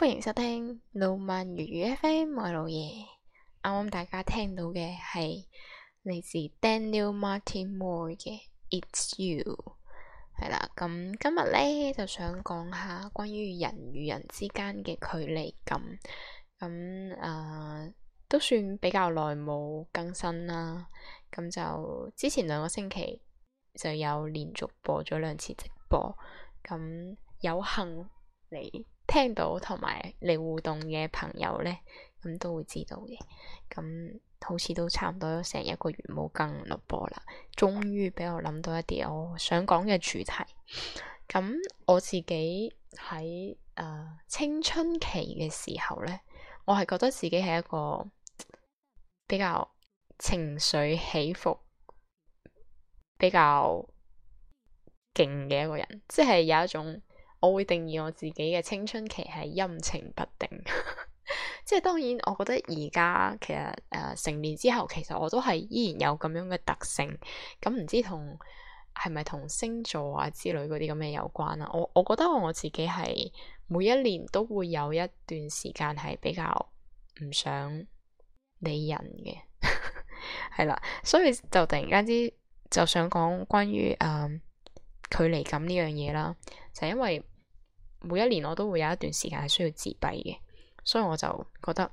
歡迎收聽 No Man 粵語 FM，我係老爺。啱啱大家聽到嘅係嚟自 Daniel Martin Moore 嘅 It's You，係啦。咁今日咧就想講下關於人與人之間嘅距離感。咁誒、呃、都算比較耐冇更新啦。咁就之前兩個星期就有連續播咗兩次直播，咁有幸嚟。聽到同埋你互動嘅朋友呢，咁都會知道嘅。咁好似都差唔多成一個月冇更錄播啦，終於俾我諗到一啲我想講嘅主題。咁我自己喺、呃、青春期嘅時候呢，我係覺得自己係一個比較情緒起伏比較勁嘅一個人，即係有一種。我會定義我自己嘅青春期係陰晴不定， 即係當然，我覺得而家其實誒、呃、成年之後，其實我都係依然有咁樣嘅特性。咁、嗯、唔知同係咪同星座啊之類嗰啲咁嘅有關啊？我我覺得我自己係每一年都會有一段時間係比較唔想理人嘅，係啦，所以就突然間之就想講關於誒、呃、距離感呢樣嘢啦，就是、因為。每一年我都會有一段時間係需要自閉嘅，所以我就覺得，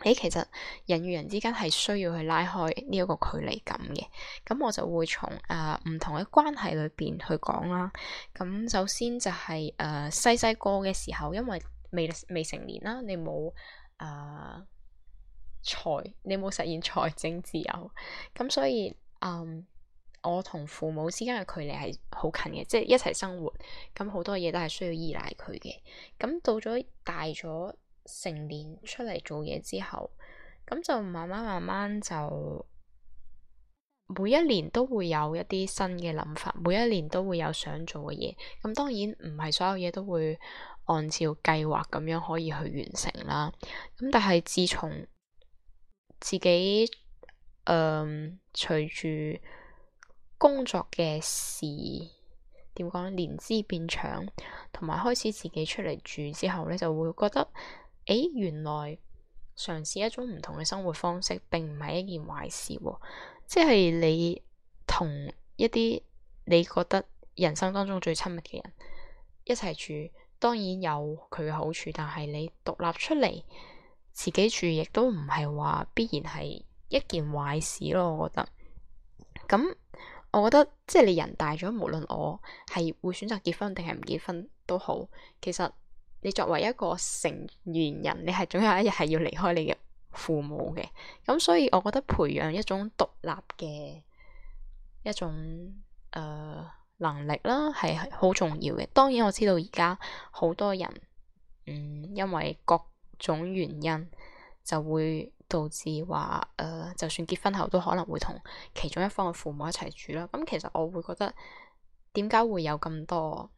誒、欸、其實人與人之間係需要去拉開呢一個距離感嘅，咁我就會從誒唔同嘅關係裏邊去講啦。咁首先就係誒細細個嘅時候，因為未未成年啦，你冇誒財，你冇實現財政自由，咁所以啊。嗯我同父母之間嘅距離係好近嘅，即係一齊生活，咁好多嘢都係需要依賴佢嘅。咁到咗大咗成年出嚟做嘢之後，咁就慢慢慢慢就每一年都會有一啲新嘅諗法，每一年都會有想做嘅嘢。咁當然唔係所有嘢都會按照計劃咁樣可以去完成啦。咁但係自從自己誒、呃、隨住工作嘅事點講呢，年資變長，同埋開始自己出嚟住之後呢，就會覺得誒，原來嘗試一種唔同嘅生活方式，並唔係一件壞事。即係你同一啲你覺得人生當中最親密嘅人一齊住，當然有佢嘅好處。但係你獨立出嚟自己住，亦都唔係話必然係一件壞事咯。我覺得咁。我覺得即係你人大咗，無論我係會選擇結婚定係唔結婚都好，其實你作為一個成年人，你係總有一日係要離開你嘅父母嘅，咁所以我覺得培養一種獨立嘅一種誒、呃、能力啦，係好重要嘅。當然我知道而家好多人，嗯，因為各種原因。就會導致話，誒、呃，就算結婚後都可能會同其中一方嘅父母一齊住啦。咁、嗯、其實我會覺得，點解會有咁多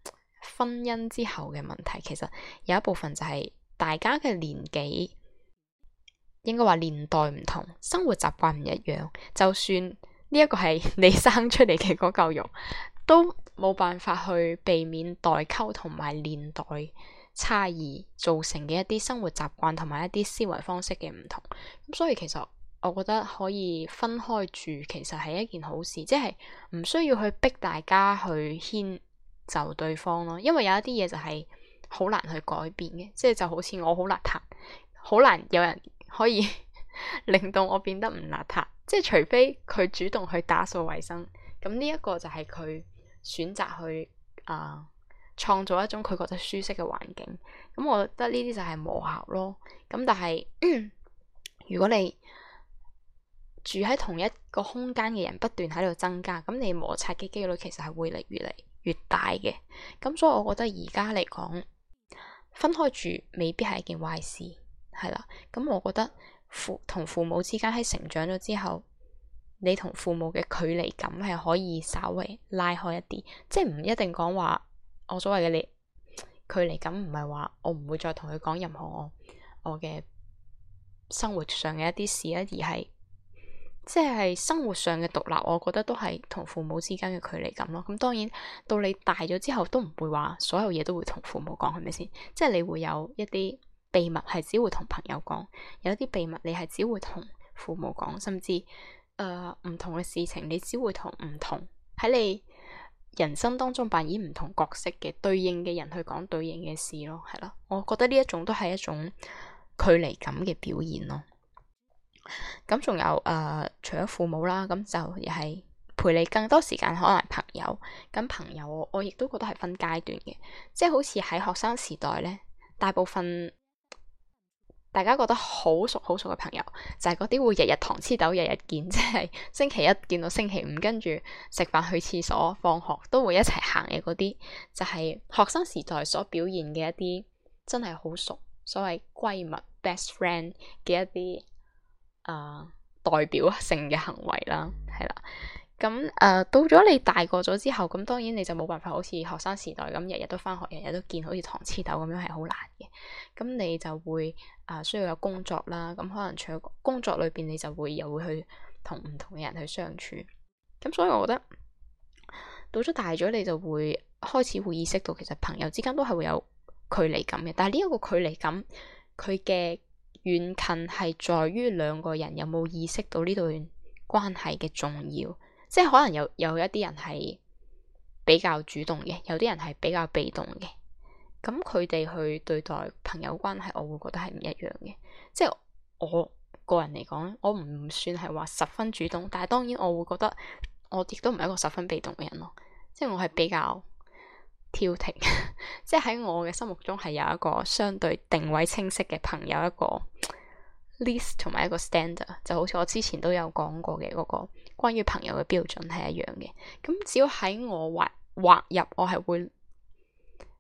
婚姻之後嘅問題？其實有一部分就係、是、大家嘅年紀，應該話年代唔同，生活習慣唔一樣。就算呢一個係你生出嚟嘅嗰嚿肉，都冇辦法去避免代溝同埋年代，差異造成嘅一啲生活習慣同埋一啲思維方式嘅唔同，咁所以其實我覺得可以分開住，其實係一件好事，即係唔需要去逼大家去遷就對方咯。因為有一啲嘢就係好難去改變嘅，即係就好似我好邋遢，好難有人可以 令到我變得唔邋遢，即係除非佢主動去打掃衛生。咁呢一個就係佢選擇去啊。呃創造一種佢覺得舒適嘅環境，咁我覺得呢啲就係磨合咯。咁但係，嗯，如果你住喺同一個空間嘅人不斷喺度增加，咁你摩擦嘅幾率其實係會嚟越嚟越大嘅。咁所以我覺得而家嚟講，分開住未必係一件壞事，係啦。咁我覺得父同父母之間喺成長咗之後，你同父母嘅距離感係可以稍微拉開一啲，即係唔一定講話。我所謂嘅你距離感唔係話我唔會再同佢講任何我嘅生活上嘅一啲事啦，而係即係生活上嘅獨立，我覺得都係同父母之間嘅距離感咯。咁當然到你大咗之後，都唔會話所有嘢都會同父母講，係咪先？即係你會有一啲秘密係只會同朋友講，有一啲秘密你係只會同父母講，甚至誒、呃、唔同嘅事情你只會同唔同喺你，人生當中扮演唔同角色嘅對應嘅人去講對應嘅事咯，係咯，我覺得呢一種都係一種距離感嘅表現咯。咁仲有誒、呃，除咗父母啦，咁就亦係陪你更多時間，可能係朋友，咁朋友我亦都覺得係分階段嘅，即係好似喺學生時代咧，大部分。大家覺得好熟好熟嘅朋友，就係嗰啲會日日糖黐豆、日日見，即係星期一見到星期五，跟住食飯、去廁所、放學都會一齊行嘅嗰啲，就係學生時代所表現嘅一啲真係好熟所謂閨蜜、best friend 嘅一啲誒代表性嘅行為啦，係啦。咁誒、呃，到咗你大個咗之後，咁當然你就冇辦法好似學生時代咁日日都返學，日日都見，好似糖黐豆咁樣係好難嘅。咁你就會誒、呃、需要有工作啦，咁可能除咗工作裏邊，你就會有去同唔同嘅人去相處。咁所以我覺得到咗大咗，你就會開始會意識到，其實朋友之間都係會有距離感嘅。但係呢一個距離感，佢嘅遠近係在於兩個人有冇意識到呢段關係嘅重要。即係可能有有一啲人係比較主動嘅，有啲人係比較被動嘅。咁佢哋去對待朋友關係，我會覺得係唔一樣嘅。即係我個人嚟講，我唔算係話十分主動，但係當然我會覺得我亦都唔係一個十分被動嘅人咯。即係我係比較挑剔，即係喺我嘅心目中係有一個相對定位清晰嘅朋友一個 list 同埋一個 standard，就好似我之前都有講過嘅嗰個關於朋友嘅標準係一樣嘅。咁只要喺我劃劃入，我係會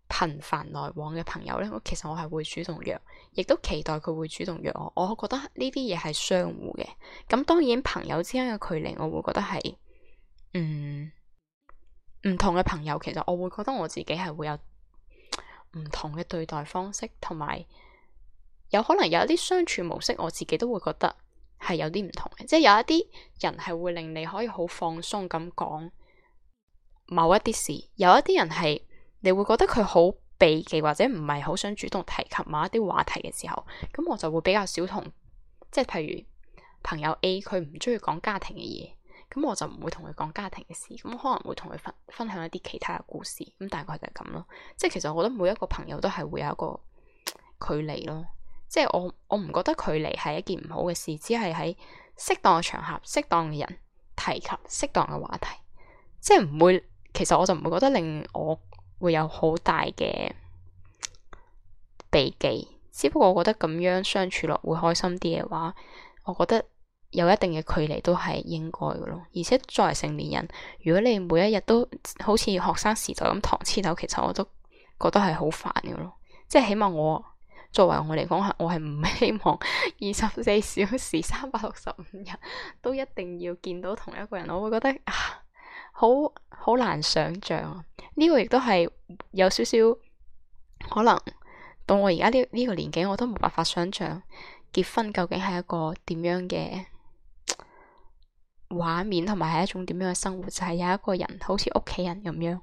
頻繁來往嘅朋友呢，其實我係會主動約，亦都期待佢會主動約我。我覺得呢啲嘢係相互嘅。咁當然朋友之間嘅距離，我會覺得係，嗯，唔同嘅朋友，其實我會覺得我自己係會有唔同嘅對待方式同埋。有可能有一啲相處模式，我自己都會覺得係有啲唔同嘅。即係有一啲人係會令你可以好放鬆咁講某一啲事，有一啲人係你會覺得佢好避忌，或者唔係好想主動提及某一啲話題嘅時候，咁我就會比較少同即係，譬如朋友 A 佢唔中意講家庭嘅嘢，咁我就唔會同佢講家庭嘅事，咁可能會同佢分分享一啲其他嘅故事。咁大概就係咁咯。即係其實我覺得每一個朋友都係會有一個距離咯。即係我我唔覺得距離係一件唔好嘅事，只係喺適當嘅場合，適當嘅人提及適當嘅話題，即係唔會。其實我就唔會覺得令我會有好大嘅避忌。只不過我覺得咁樣相處落會開心啲嘅話，我覺得有一定嘅距離都係應該嘅咯。而且作為成年人，如果你每一日都好似學生時代咁糖黐豆，其實我都覺得係好煩嘅咯。即係起碼我。作為我嚟講，我係唔希望二十四小時三百六十五日都一定要見到同一個人，我會覺得好好難想像啊！呢、呢個亦都係有少少可能到我而家呢呢個年紀，我都冇辦法想像結婚究竟係一個點樣嘅畫面，同埋係一種點樣嘅生活，就係、係、有一個人好似屋企人咁樣，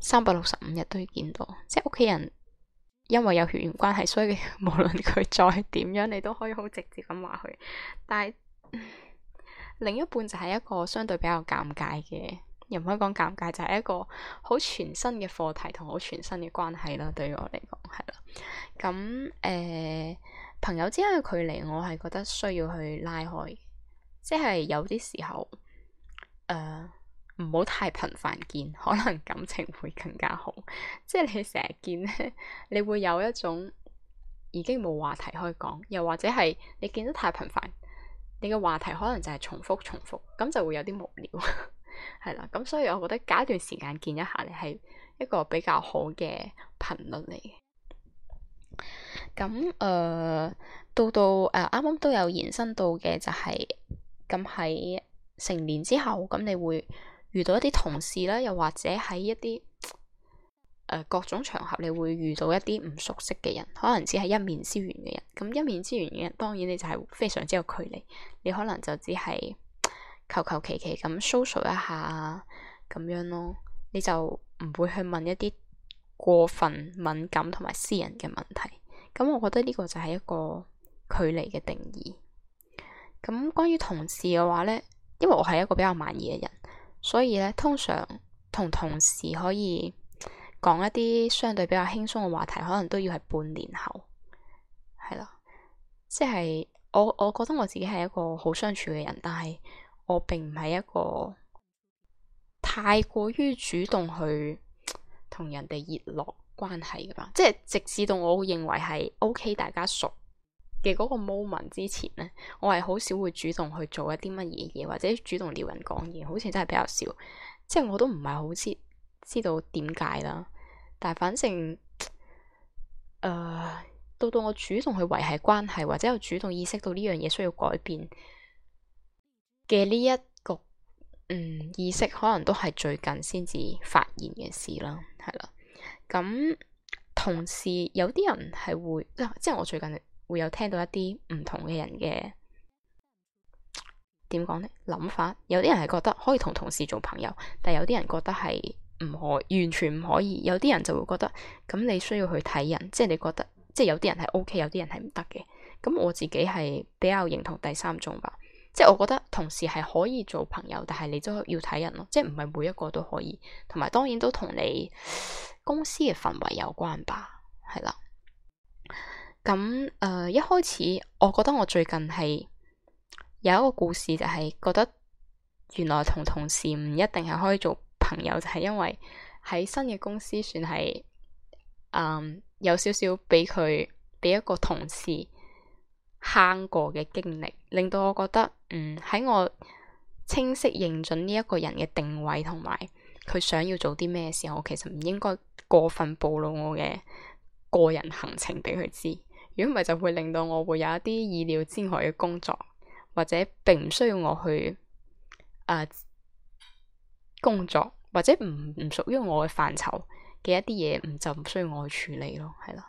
三百六十五日都要見到，即係屋企人。因為有血緣關係，所以無論佢再點樣，你都可以好直接咁話佢。但係、嗯、另一半就係一個相對比較尷尬嘅，又唔可以講尷尬，就係、是、一個好全新嘅課題同好全新嘅關係啦。對於我嚟講，係啦。咁、嗯、誒、呃，朋友之間嘅距離，我係覺得需要去拉開，即、就、係、是、有啲時候，誒、呃。唔好太頻繁見，可能感情會更加好。 即係你成日見咧，你會有一種已經冇話題可以講，又或者係你見得太頻繁，你嘅話題可能就係重複重複，咁就會有啲無聊係啦。咁 所以我覺得隔一段時間見一下，你係一個比較好嘅頻率嚟。咁誒、呃，到到誒，啱、呃、啱都有延伸到嘅就係咁喺成年之後，咁你會。遇到一啲同事啦，又或者喺一啲誒、呃、各種場合，你會遇到一啲唔熟悉嘅人，可能只係一面之緣嘅人。咁一面之緣嘅人，當然你就係非常之有距離，你可能就只係求求其其咁 social 一下啊，咁樣咯。你就唔會去問一啲過分敏感同埋私人嘅問題。咁，我覺得呢個就係一個距離嘅定義。咁關於同事嘅話咧，因為我係一個比較慢熱嘅人。所以咧，通常同同事可以講一啲相對比較輕鬆嘅話題，可能都要係半年後係啦。即係我我覺得我自己係一個好相處嘅人，但係我並唔係一個太過於主動去同人哋熱絡關係嘅吧，即係直至到我認為係 OK，大家熟嘅嗰個 moment 之前咧，我係好少會主動去做一啲乜嘢嘢，或者主動撩人講嘢，好似真係比較少。即係我都唔係好知知道點解啦。但係反正，誒，到到我主動去維繫關係或者我主動意識到呢樣嘢需要改變嘅呢一個嗯意識可能都係最近先至發現嘅事啦，係啦。咁同時有啲人係會，啊、即係我最近。會有聽到一啲唔同嘅人嘅點講呢？諗法，有啲人係覺得可以同同事做朋友，但有啲人覺得係唔可完全唔可以，有啲人就會覺得咁你需要去睇人，即係你覺得即係有啲人係 OK，有啲人係唔得嘅。咁我自己係比較認同第三種吧，即係我覺得同事係可以做朋友，但係你都要睇人咯，即係唔係每一個都可以，同埋當然都同你公司嘅氛圍有關吧，係啦。咁誒、呃，一開始我覺得我最近係有一個故事，就係、是、覺得原來同同事唔一定係可以做朋友，就係、是、因為喺新嘅公司算係、嗯、有少少俾佢俾一個同事慳過嘅經歷，令到我覺得嗯喺我清晰認準呢一個人嘅定位同埋佢想要做啲咩時候，我其實唔應該過分暴露我嘅個人行程俾佢知。如果唔係，就會令到我會有一啲意料之外嘅工作，或者並唔需要我去誒、呃、工作，或者唔唔屬於我嘅範疇嘅一啲嘢，唔就唔需要我去處理咯，係啦。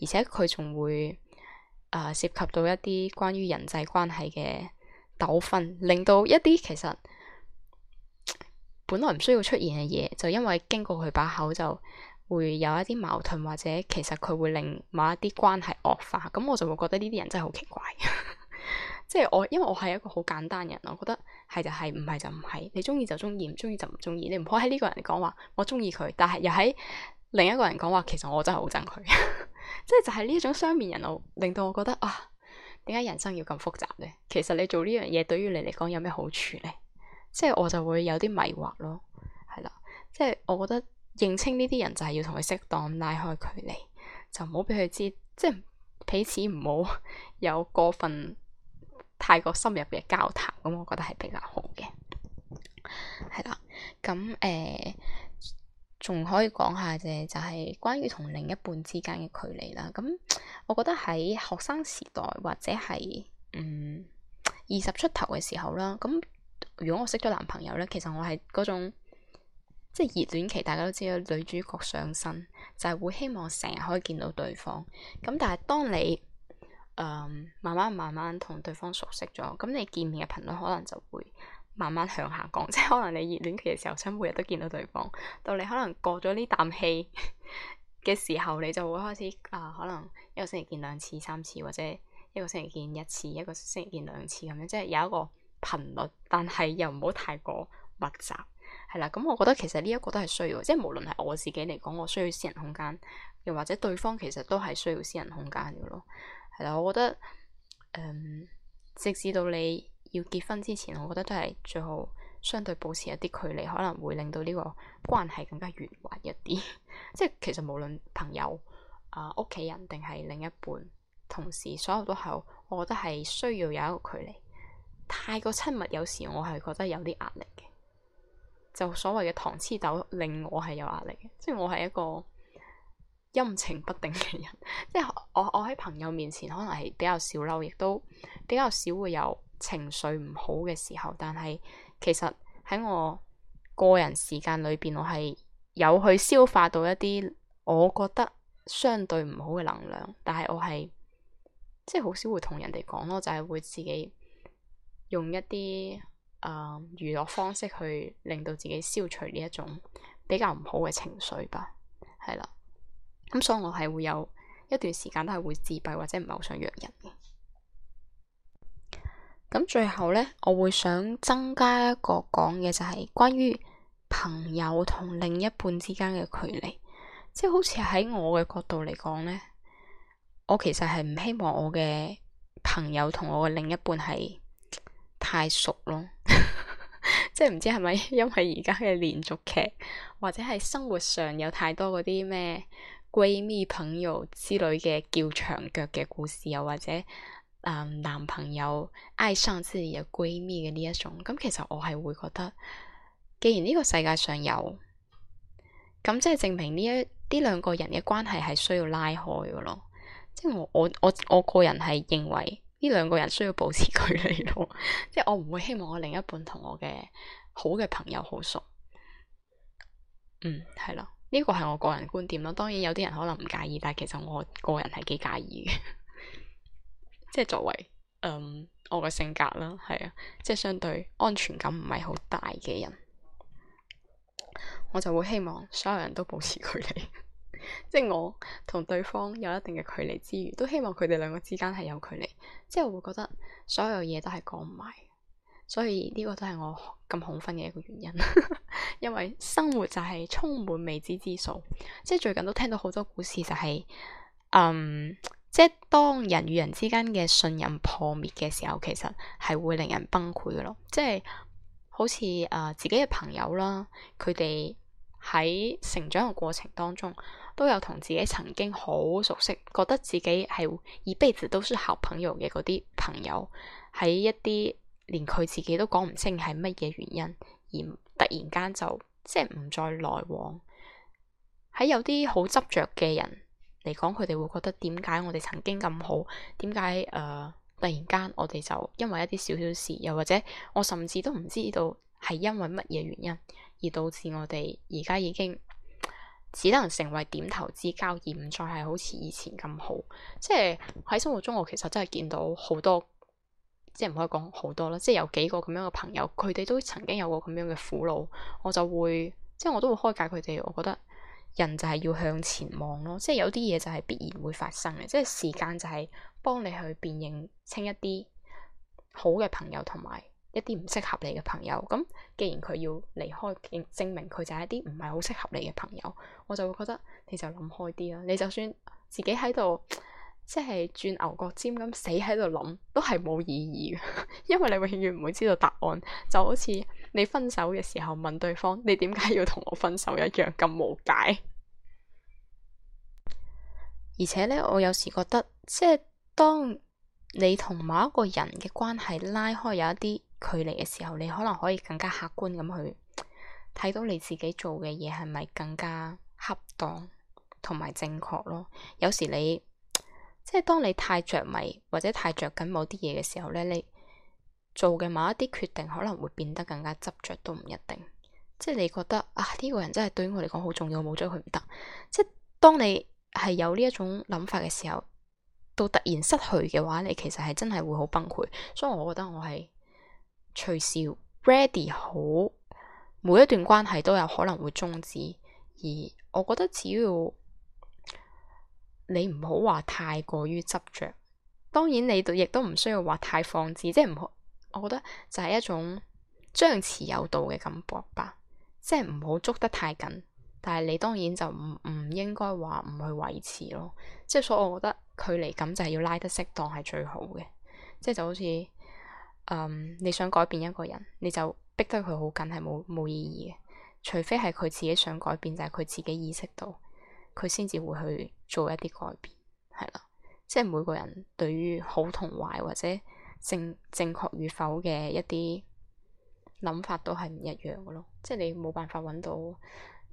而且佢仲會誒、呃、涉及到一啲關於人際關係嘅糾紛，令到一啲其實本來唔需要出現嘅嘢，就因為經過佢把口就。會有一啲矛盾，或者其實佢會令某一啲關係惡化，咁我就會覺得呢啲人真係好奇怪。即 係我因為我係一個好簡單人，我覺得係就係、是，唔係就唔係，你中意就中意，唔中意就唔中意，你唔可以喺呢個人講話我中意佢，但係又喺另一個人講話其實我真係好憎佢。即 係就係呢種雙面人，我令到我覺得啊，點解人生要咁複雜呢？其實你做呢樣嘢對於你嚟講有咩好處呢？即、就、係、是、我就會有啲迷惑咯，係啦，即、就、係、是、我覺得。認清呢啲人就係要同佢適當拉開距離，就唔好俾佢知，即係彼此唔好有過分、太過深入嘅交談咁，我覺得係比較好嘅。係啦， 咁誒，仲、呃、可以講下啫，就係、是、關於同另一半之間嘅距離啦。咁我覺得喺學生時代或者係嗯二十出頭嘅時候啦，咁如果我識咗男朋友咧，其實我係嗰種。即係熱戀期，大家都知啦，女主角上身就係會希望成日可以見到對方。咁但係當你、嗯、慢慢慢慢同對方熟悉咗，咁你見面嘅頻率可能就會慢慢向下降。即係可能你熱戀期嘅時候想每日都見到對方，到你可能過咗呢啖氣嘅時候，你就會開始誒、呃、可能一個星期見兩次、三次，或者一個星期見一次、一個星期見兩次咁樣，即係有一個頻率，但係又唔好太過密集。係啦，咁、嗯、我覺得其實呢一個都係需要，即係無論係我自己嚟講，我需要私人空間，又或者對方其實都係需要私人空間嘅咯。係啦，我覺得，誒、嗯、直至到你要結婚之前，我覺得都係最好相對保持一啲距離，可能會令到呢個關係更加圓滑一啲。 即係其實無論朋友啊、屋、呃、企人定係另一半，同時所有都係，我覺得係需要有一個距離。太過親密，有時我係覺得有啲壓力。就所謂嘅糖黐豆令我係有壓力嘅，即係我係一個陰晴不定嘅人，即係我我喺朋友面前可能係比較少嬲，亦都比較少會有情緒唔好嘅時候，但係其實喺我個人時間裏邊，我係有去消化到一啲我覺得相對唔好嘅能量，但係我係即係好少會同人哋講咯，就係會自己用一啲。誒、嗯，娛樂方式去令到自己消除呢一種比較唔好嘅情緒吧，係啦。咁所以我係會有一段時間都係會自閉或者唔係好想約人嘅。咁最後呢，我會想增加一個講嘅就係關於朋友同另一半之間嘅距離，即係好似喺我嘅角度嚟講呢，我其實係唔希望我嘅朋友同我嘅另一半係太熟咯， 即係唔知係咪因為而家嘅連續劇，或者係生活上有太多嗰啲咩閨蜜朋友之類嘅叫長腳嘅故事，又或者誒、嗯、男朋友愛上自己嘅閨蜜嘅呢一種，咁其實我係會覺得，既然呢個世界上有，咁即係證明呢一啲兩個人嘅關係係需要拉開嘅咯，即係我我我我個人係認為。呢兩個人需要保持距離咯， 即係我唔會希望我另一半同我嘅好嘅朋友好熟。嗯，係啦，呢、呢個係我個人觀點咯。當然有啲人可能唔介意，但係其實我個人係幾介意嘅、 嗯，即係作為嗯我嘅性格啦，係啊，即係相對安全感唔係好大嘅人，我就會希望所有人都保持距離。 即係我同對方有一定嘅距離之餘，都希望佢哋兩個之間係有距離。即係我會覺得所有嘢都係講唔埋，所以呢個都係我咁恐婚嘅一個原因。 因為生活就係充滿未知之數。即係最近都聽到好多故事，就是，就係嗯，即係當人與人之間嘅信任破滅嘅時候，其實係會令人崩潰嘅咯。即係好似誒、呃、自己嘅朋友啦，佢哋喺成長嘅過程當中。都有同自己曾經好熟悉，覺得自己係一輩子都係好朋友嘅嗰啲朋友，喺一啲連佢自己都講唔清係乜嘢原因，而突然間就即係唔再來往。喺有啲好執着嘅人嚟講，佢哋會覺得點解我哋曾經咁好，點解誒突然間我哋就因為一啲小小事，又或者我甚至都唔知道係因為乜嘢原因，而導致我哋而家已經，只能成為點頭之交，而唔再係好似以前咁好。即係喺生活中，我其實真係見到好多，即係唔可以講好多啦。即係有幾個咁樣嘅朋友，佢哋都曾經有過咁樣嘅苦惱，我就會即係我都會開解佢哋。我覺得人就係要向前望咯，即係有啲嘢就係必然會發生嘅，即係時間就係幫你去辨認清一啲好嘅朋友同埋。一啲唔適合你嘅朋友，咁既然佢要離開，證明佢就係一啲唔係好適合你嘅朋友，我就會覺得你就諗開啲啦。你就算自己喺度即係轉牛角尖咁死喺度諗，都係冇意義嘅，因為你永遠唔會知道答案。就好似你分手嘅時候問對方，你點解要同我分手一樣咁無解。而且呢，我有時覺得即係當，你同某一個人嘅關係拉開，有一啲距離嘅時候，你可能可以更加客觀咁去睇到你自己做嘅嘢係咪更加恰當同埋正確咯。有時你即係當你太着迷或者太着緊某啲嘢嘅時候咧，你做嘅某一啲決定可能會變得更加執着，都唔一定。即係你覺得啊，呢個人真係對於我嚟講好重要，冇咗佢唔得。即係當你係有呢一種諗法嘅時候。到突然失去嘅話，你其實係真係會好崩潰，所以我覺得我係隨時 ready 好，每一段關係都有可能會終止，而我覺得只要你唔好話太過於執着，當然你亦都唔需要話太放肆，即係唔好，我覺得就係一種張弛有度嘅感覺吧，即係唔好捉得太緊。但係你當然就唔唔應該話唔去維持咯，即係所以我覺得距離感就係要拉得適當係最好嘅，即係就好似嗯，你想改變一個人，你就逼得佢好緊係冇冇意義嘅，除非係佢自己想改變，就係佢自己意識到佢先至會去做一啲改變，係啦。即係每個人對於好同壞或者正正確與否嘅一啲諗法都係唔一樣嘅咯，即係你冇辦法揾到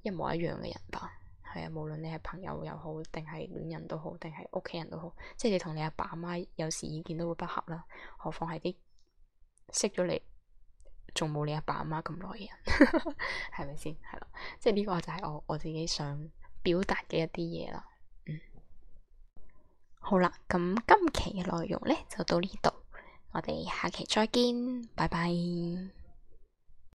一模一樣嘅人吧，係啊，無論你係朋友又好，定係戀人都好，定係屋企人都好，即係你同你阿爸阿媽有時意見都會不合啦，何況係啲識咗你仲冇你阿爸阿媽咁耐嘅人，係咪先？係咯，即係呢個就係我我自己想表達嘅一啲嘢啦。嗯，好啦，咁今期嘅內容呢就到呢度，我哋下期再見，拜拜。